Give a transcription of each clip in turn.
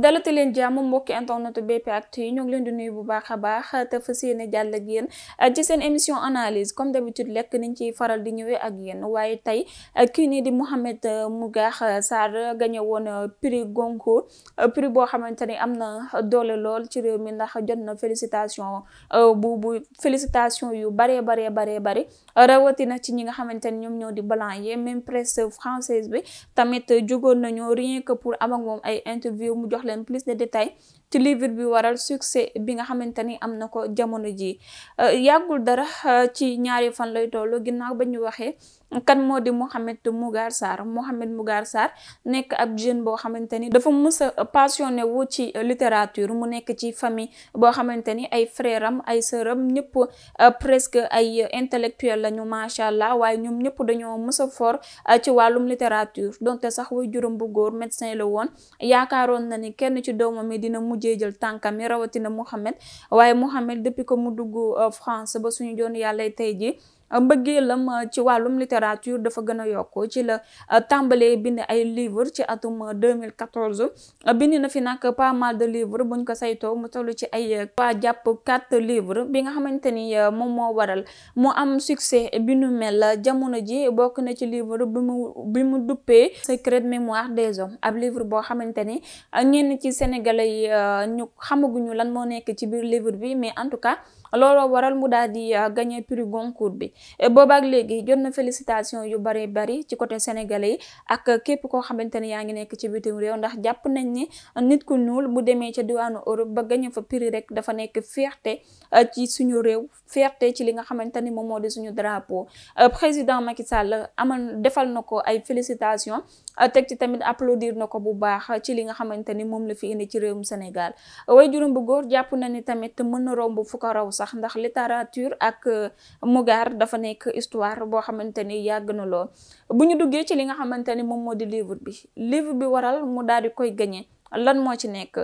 dalati leen jàmm mbokki internet BP Actu yi ñoo ngi leen di nuyu bu baax a baax te fas yéene jàll ak yéen ci seen émission analyse comme d'habitude lekk niñ ciy faral di ñëwee ak yenn waaye tey kii nii di Mohamed Mbougar Sarr gañe woon prix Goncourt prix boo xamante ni am na doole lool ci réew mi ndax jot na félicitation euh, bu bu félicitation yu baree baree baree bari rawatina ci ñi nga xamante ni ñoom ñoo di blanc yi même presse française bi tamit jugoon na rien que pour am ak mu jox leen plus de détails ci livre bi waral succès bi nga xamante ni am na ko jamono ji euh, yàggul dara euh, ci ñaari fan lay toll ginnaaw ba ñu waxee kan moo di Mohamed Mougar Sarr Mohamed Mougar Sarr nekk ab jeune boo xamante ni dafa mës a passionné wu ci littérature mu nekk ci famille boo xamante ni ay frère ay sœur am ñëpp euh, presque ay intellectuel lañu macha allah waaye ñoom ñëpp dañoo mës a fort ci wàllum littérature donte sax way juróom bu góor médecin la woon yaakaaroon na ni kenn ci doomam mujjee jël tànkam yi rawatina Mouhamed waaye Mouhamed depuis que mu dugg euh, France ba suñu joon yàlla tey jii Euh, mbëggeelam euh, ci wàllum littérature dafa gën a yokk ci la euh, tàmbalee bind ay livre ci atum 2014 bind na fi nag pas mal de livre buñ ko saytoo mu toll ci ay trois jàpp quatre livre bi nga xamante ni moom moo waral mu am succès bi nu mel jamono ji bokk na ci livre bi mu bi mu duppee secret mémoire des hommes ab livre boo xamante ni ñenn ci sénégalais yi ñu xamaguñu lan moo nekk ci biir livre bi mais en tout cas looloo waral mu daal di ah, gagné prix Goncourt bi eh, boobaak léegi jot na félicitation yu bari bari ci côté sénégalais yi ak képp koo xamante ne yaa ngi nekk ci bitim réew ndax jàpp nañ ni nit ku ñuul bu demee ca diwaanu Europe ba gagné fa prix rek dafa nekk fierté ah, ci suñu réew fierté ci li nga xamante ni moom moo di suñu drapeau eh, président Macky Sall amal defal na ko ay félicitations ah, teg ci tamit applaudir na ko bu baax ci li nga xamante ni moom la fi indi ci réewum Sénégal way juróom bu góor jàpp na ni tamit mën na romb fu ko raw sax sax ndax littérature ak euh, Mougar dafa nekk histoire boo xamante ni yàgg na lool bu ñu duggee ci li nga xamante ni moom moo di livre bi livre bi waral mu daal di koy gagné. lan moo ci nekk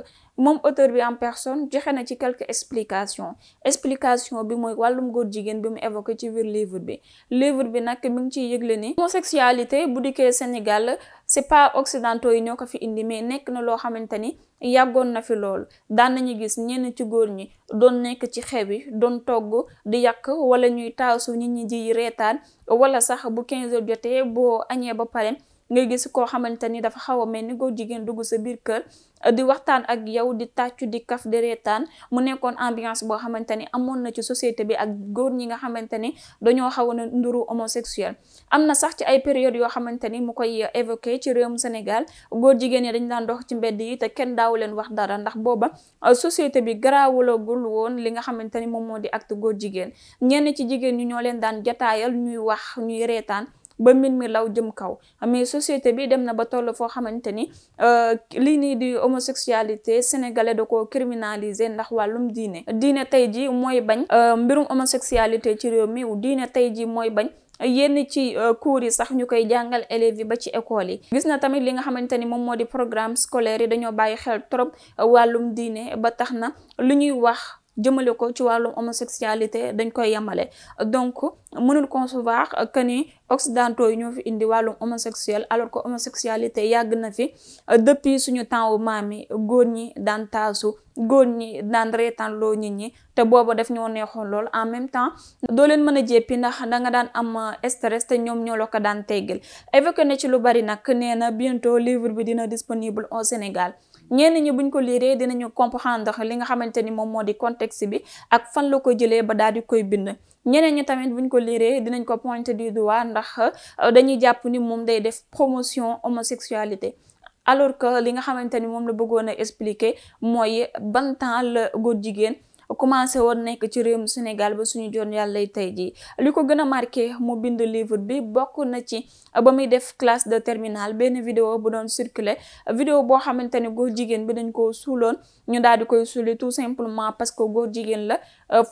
moom auteur bi en personne joxe na ci quelques explications explication bi mooy wàllum góor jigéen bi mu évoqué ci biir livre bi livre bi nag mi ngi ciy yëgle ni homosexualité bu dikkee Sénégal c'est pas occidentaux yi ñoo ko fi indi mais nekk na loo xamante ni yàggoon na fi lool daan nañu gis ñenn ci góor ñi doon nekk ci xew yi doon togg di yàq wala ñuy taasu nit ñi ji reetaan wala sax bu quinze heures jotee boo añee ba pare ngay gis koo xamante ni dafa xaw a mel ni góor jigéen dugg sa biir kër di waxtaan ak yow di tàccu di kaf di reetaan mu nekkoon ambiance boo xamante ni amoon na ci société bi ak góor ñi nga xamante ni dañoo xaw a nduru homosexuel am na sax ci ay période yoo xamante ni mu koy évoqué ci réewum Sénégal góor jigéen ñi dañ daan dox ci mbedd yi te kenn daawu leen wax dara ndax booba euh, société bi garaawulagul woon li nga xamante ni moom moo di act góor jigéen ñenn ci jigéen ñi ñoo leen daan jataayal ñuy wax ñuy reetaan ba mbir mi law jëm kaw mais société bi dem na ba toll foo xamante ni euh, lii nii di homosexualité sénégalais da ko criminaliser ndax wàllum diine diine tey ji mooy bañ euh, mbirum homosexualité ci réew mi diine tey ji mooy bañ yenn ci euh, cours yi sax ñu koy jàngal élèves yi ba ci école yi gis na tamit li nga xamante ni moom moo di programme scolaire yi dañoo bàyyi xel trop wàllum diine ba tax na lu ñuy wax jëmmale ko ci wàllum homosexualité dañ koy yemale donc mënul concevoir que ni occidentaux yi ñoo fi indi wàllum homosexuel alors que homosexualité yàgg na fi euh, depuis suñu temps wu maam yi góor ñi daan taasu góor ñi daan reetaan loo nit ñi te booba daf ñoo neexoon lool en même temps doo leen mën a jéppi ndax da nga daan am euh, stress te ñoom ñoo la ko daan teggil évoqué na ci lu bari nag nee na bientôt livre bi dina disponible au Sénégal ñenn ñi buñ ko liiree dinañu comprendre li nga xamante ni moom moo di contexte bi ak fan la ko jëlee ba daal di koy bind ñeneen ñi tamit buñ ko liiree dinañ ko pointer du doigt ndax euh, dañuy jàpp ni moom day def promotion homosexualité alors que li nga xamante ni moom la bëggoon a expliquer mooy ban temps la góor jigéen commencé woon nekk ci réewum Sénégal ba suñu joon yàlla tey jii li ko gën a marqué mu bind livre bi bokk na ci ba muy def classe de terminale benn vidéo bu doon circuler vidéo boo xamante ne góor jigéen bi dañ koo suuloon ñu daal di koy suuli tout simplement parce que góor jigéen la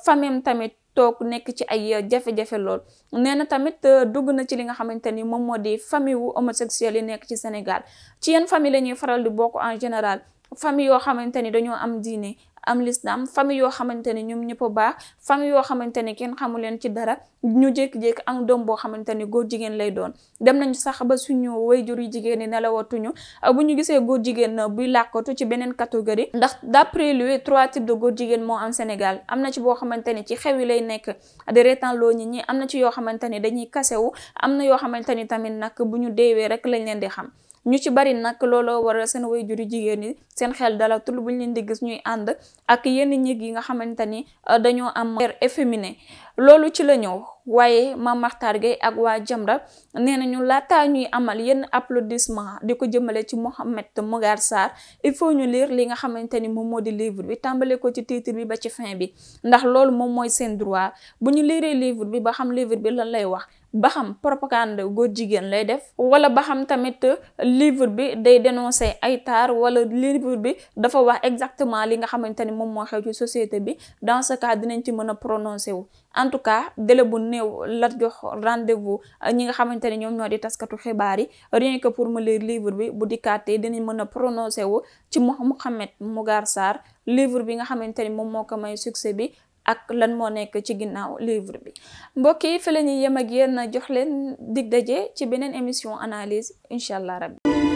famem tamit toog nekk ci ay jafe-jafe lool nee na tamit dugg na ci li nga xamante ni moom moo di famille wu homosexuel yi nekk ci Sénégal ci yenn famille la faral di bokk en général famille yoo xamante ni dañoo am diine am lislaam famille yoo xamante ne ñoom ñëpp a baax famille yoo xamante ne kenn xamu leen ci dara ñu jékki-jékki am doom boo xamante ne góor jigéen lay doon dem nañu sax ba suñu wayjur yu jigéen ñi nelawatuñu bu ñu gisee góor jigéen buy làkkatu ci beneen catégorie ndax d'après lui trois types de góor jigéen moo am Sénégal am na ci boo xamante ne ci xew yi lay nekk di reetaan ñi am na ci yoo xamante ne dañuy kasewu am na yoo xamante ni tamit nag bu ñu deewee rek lañ leen di xam ñu ci bari nag looloo waral seen way juri jigéen ñi seen xel dalatul buñ leen di gis ñuy ànd ak yenn ñig yi nga xamante ni euh, dañoo am air efféminé loolu ci la ñëw waaye ma maxtar Gueye ak waa Jamra nee nañu laataa ñuy amal yenn applaudissement di ko jëmale ci Mohamed Mogar Sarr il faut ñu lire li nga xamante ni moom moo di livre bi tàmbale ko ci titre bi ba ci fin bi ndax loolu moom mooy seen droit bu ñu liiree livre bi ba xam livre bi lan lay wax ba xam propagande góor jigéen lay def wala ba xam tamit livre bi day dénoncer ay taar wala livre bi dafa wax exactement li nga xamante ni moom moo xew ci société bi dans ce cas dinañ ci mën a prononcer wu en tout cas délai bu néew la jox rendez-vous ñi nga xamante ne ñoom ñoo di taskatu xibaar yi rien que pour mu lire livre bi bu dikkaatee dinañ mën a prononcé wu ci mu Mouhamed Mbougar Sarr livre bi nga xamante ni moom moo ko may succès bi ak lan moo nekk ci ginnaaw livre bi mbokk yi fi la ñuy yem ak yéen jox leen dig daje ci beneen émission analyse incha allah rabbi